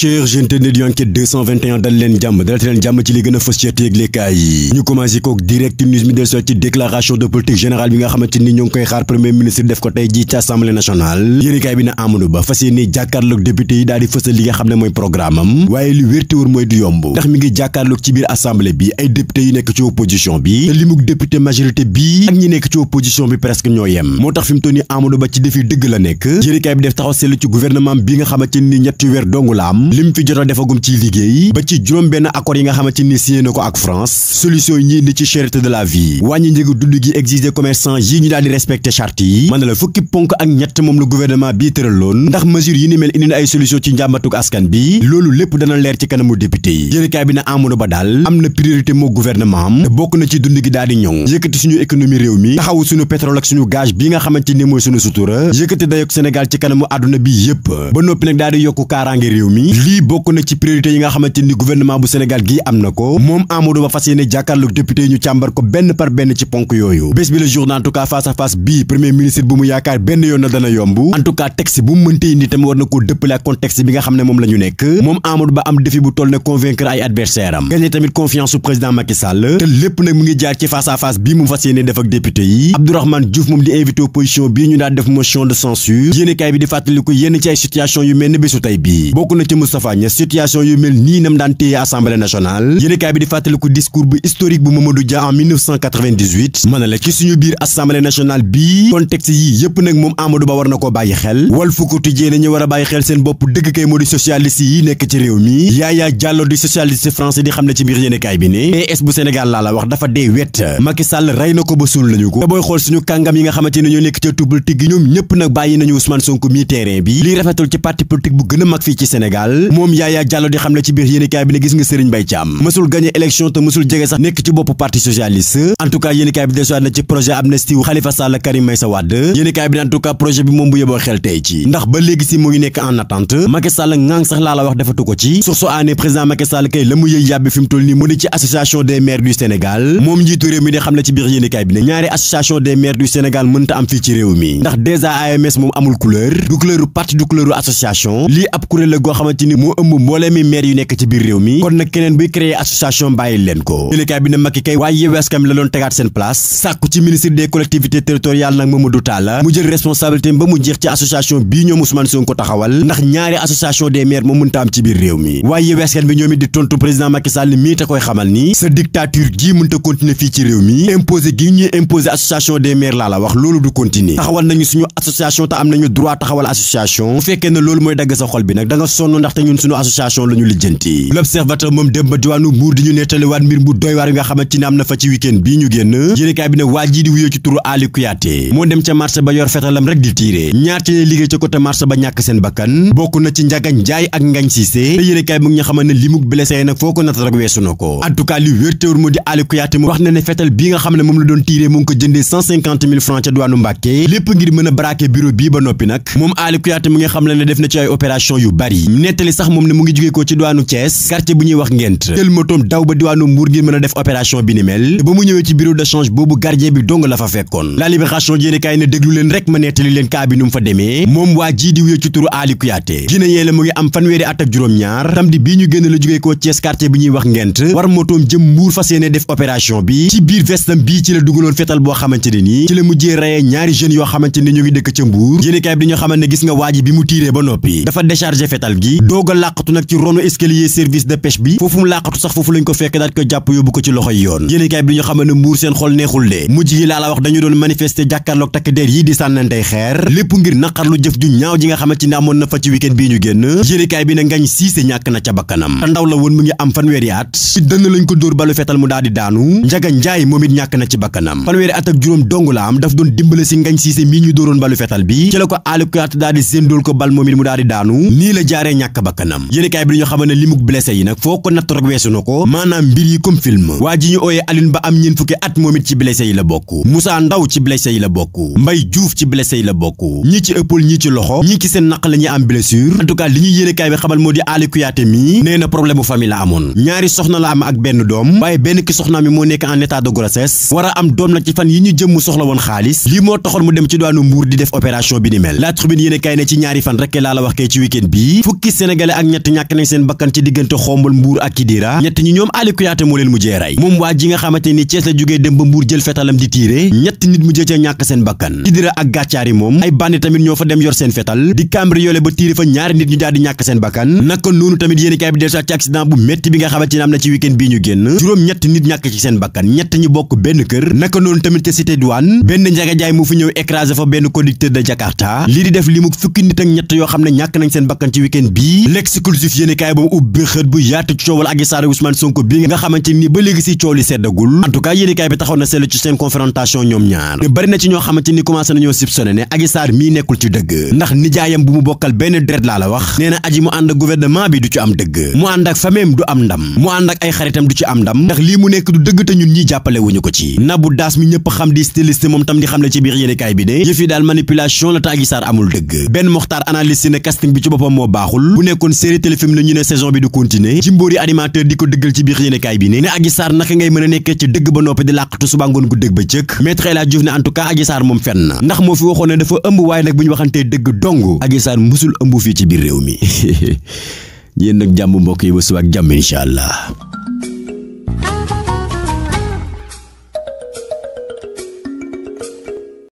cher jentenet yu enquête 221 dal leen jàmm dalate leen jàmm ci li gën a fës ci yéglekaay yi ñu commencé kook direct news mi del soit ci déclaration de politique générale bi nga xamante ni ñoo ngi koy xaar premier ministre def ko tey ji ci assemblée nationale yéenekaay bi na Amadou Ba fas yéene jàkkaarloog député yi daal di li nga xam ne mooy programme am waaye lu wér te wóor mooy du yomb ndax mi ngi jàkkaarloog ci biir assemblée bi ay député yu nekk ci opposition bi nekk ci opposition bi presque ñoo moo tax fi mu toll ni Amadou Ba bi nga xamante ni ñetti weer dongu am lim fi jot a defagum ci liggéey ba ci juróom benn accord yi nga xamante ni signé na ko ak France solution yi ñuy ci cherté de la vie wàññi njëgu dund gi exiger commerçant yi ñu daal di respecté charte yi mën na la fukki ponk ak ñett moom la gouvernement bi tëraloon ndax mesure yi ni mel indi na ay solution ci njàmbatuk askan bi loolu lépp dana leer ci kanamu député yi yéenekaay bi na Amadou Ba daal am na priorité moo gouvernement bokk na ci dund gi daal di ñ yëkkati suñu économie réew mi taxawu suñu pétrole ak suñu gaz bi nga xamante ni mooy suñu sutura yëkkati dayok Sénégal ci kanamu àdduna bi yépp noppi nag daal di yokku kaaraange réew lii bokk na ci priorité yi nga xamante ni gouvernement bu Sénégal gii am na ko moom Amadou Ba fas yéene jàkkaarloog député yi ñu càmbar ko benn par benn ci ponk yooyu bés bi le journal en tout cas face à premier ministre bu mu yaakaar benn yoon na dana yomb en tout bu mu mënte indi tamit war na koo dëppale ak contexte bi nga xam ne moom la nekk moom Amadou Ba am défi bu toll ne convaincre ay adversaire am gagné tamit confiance président Macky Moustapha Niass situation yu mel nii nam daan téye assemblée nationale yéenekaay bi di fàttaliku discours bu historique bu Mamadou Dia en 1998 na la ci suñu biir assemblée nationale bii contexte yii yëpp nag moom Amadou Ba war na koo bàyyi xel wal fukkati jéene ñu war a bàyyi xel seen bopp dëgg kay moo di socialiste yi nekk ci réew mi Yaya Diallo di socialiste français di xam ne ci biir yéenekaay bi ne PS bu Sénégal laa la wax dafa dee wet Macky Sall rey na ko ba suul nañu ko te kàngam yi nga xamante ne ñoo nekk ca tubal tigg ñoom ñëpp nag bàyyi nañu Ousmane bi lii ci parti politique bu gën a mag fii ci Sall moom Yaya Diallo di xam le ci biir yéenekaay bi ne gis nga Serigne Mbaye Thiam mësul gagné élection te mësul jege sax nekk ci bopp parti socialiste en tout cas bi desuwaat ci projet AMS moom amul couleur du couleuru parti du couleuru association lii ab kuréel la goo xamante ni moo ëmb mboolee mi maire yu nekk ci biir réew mi kon nag keneen buy créer association bàyyi leen ko yëlekaay bi ne Macky kay waaye Yewwi Askan la doon tegaat seen place sàkku ci ministre des collectivités territoriales nag Mamadou Talla mu jël responsabilité ba mu jeex ci association bii ñoom Ousmane Sonko taxawal ndax ñaari association des maires moo mënta am ci biir réew mi waaye Yewwi Askan Wi di tontu président Macky Sall mii te koy xamal mooy dagg sa ndaxte ñun suñu association la ñu lijjanti l'observateur moom dem ba diwaanu na fa ci week-end bii ñu génn yéenekaay bi ne waa rek di tiire ñaar ci ne liggéey ca côté marché ba ñàkk seen na li mu blessé nag foo ko natt weesu na ko en tout cas li wér teewul moo di Ali Kouyaté na ne fetal moom la doon tiire mu ngi ko jëndee 150 000 francs ca diwaanu Mbàkke lépp ngir mën a braquer bureau bii ba noppi nag moom Ali Kouyaté mu nga xam ne def na ci ay opération yu bari nettali sax moom ne mu ngi jóge ko ci diwaanu Thiès quartier bu ñuy wax ngent jël motoom daw ba mën a def opération bi ni mel mu ñëwee ci bureau de boobu gardien bi dong la fa fekkoon la libération yéenekaay ne leen rek nettali leen kaa bi nu demee moom waa jii di wuyee ci la mu ngi am fanweeri at ak ñaar samedi bii ñu génn la jóge ko Thiès quartier bi ñuy wax ngent war motoom jëm Mbour fas yéene def opération bi ci biir vestam bii ci la dugaloon fetal boo xamante ne nii ci la mujjee rayee ñaari jeunes yoo xamante ne ñu ngi dëkk ca Mbour yéenekaay bi dañoo xamante gis nga waa bi mu tiiree ba noppi dafa déchargé fetal gi doog a làqatu nag ci ronu escalier service de pêche bi foofu mu làqatu sax foofu lañ ko fekk daat ko jàpp yóbbu ko ci loxoy yi di sànnantey xeer lépp na ngañ siise ñàkk na ca bakkanam te ndaw la woon mu ngi am fanweeri at ci dënn lañ ko dóor balu fetal mu daal di daanu njaga njaay moom it ñàkk na ci bakkanam fanweeri at ak juróom dong la am daf doon dimbale si ngañ siise mii ñu dóoroon balu fetal bi ci la ko aalikuat daal di séen ko bal moom it ñàkk bakkanam yéenekaay bi dañu xamal ne limuk blessé yi nag foo ko natt rek weesu na ko maanaam mbir yi comme film waa ji ñu ooyee Alioune Ba am ñeen fukki at moom ci blessé yi la bokk Moussa Ndaw ci blessé yi la bokk mbay Diouf ci blessé yi la bokk ñi ci ëppal ñi ci loxo ñi ki seen nax la ñuy am blessure en tout cas li ñuy yéenekaay bi xamal moo di Aly Kouyaté mi nee na problème bu famille la amoon ñaari soxna la am ak benn doom waaye benn ki soxna mi moo nekk en état de am la woon xaalis lii moo taxoon mu dem ci daanu bi ni mel la tribune yéenekaay ne ci ñaari fan rek sénégalais ak ñett ñàkk nañ seen bakkan ci diggante xombal mbuur ak Kidira ñett ñi ñoom Ali Kouyaté moo leen mujjee rey moom waa ji nga xamante naka noonu tamit yéen bi dellusiwaat ci accident bu métti bi nga xamante ni am na ci week bii ñu génn juróom ñett nit ñàkk ci seen bakkan ñett ñi bokk benn kër naka noonu tamit ca cité douane benn njaga mu fi ñëw écrasé fa benn conducteur de Jakarta lii di def li mu fukki nit ñett yoo xam ne ñàkk nañ seen bakkan ci week bii yi l'exclusif yéen i kaay boobu ubbi xët bi nga xamante ni ba léegi si coow li seddagul en tout cas yéen i kaay bi taxaw na seetlu ci seen confrontation ñoom ñaar te na ci ñoo xamante ni commencé nañoo soupçonné ne Adji Sarr mii nekkul ci dëgg ndax nijaayam bu mu bokkal benn deret laa la wax nee na aji mu ànd ak gouvernement bi du ci am dëgg mu ànd ak fameem du am ndam mu ànd ak ay xaritam du ci am ndam ndax lii mu nekk du dëgg te ñu ñi jàppale wuñu ko ci Nabou Daas mi ñëpp xam di styliste moom tam di xam ne ci biir yéen bi ne yëf yi daal manipulation la te Adji Sarr amul dëgg benn Moxtaar analyste ne casting ci boppam moo baaxul nekkoon série téléfilm la ñu ne saison bi du continuer Jimbori animateur di ko dëggal ci biir yéenekaay bi ne ne Adji Sarr naka ngay mën a nekkee ci dëgg ba noppi di làqatu suba ngoon gu dëgg ba cëkk maître El Hadji Diouf ne en tout cas Adji Sarr moom fen na ndax moo fi waxoon ne dafa ëmb waaye nag bu ñu waxantee dëgg dong Adji Sarr musul ëmb fii ci biir réew mi yéen nag jàmm mbokk yi ba suba ak jàmm allah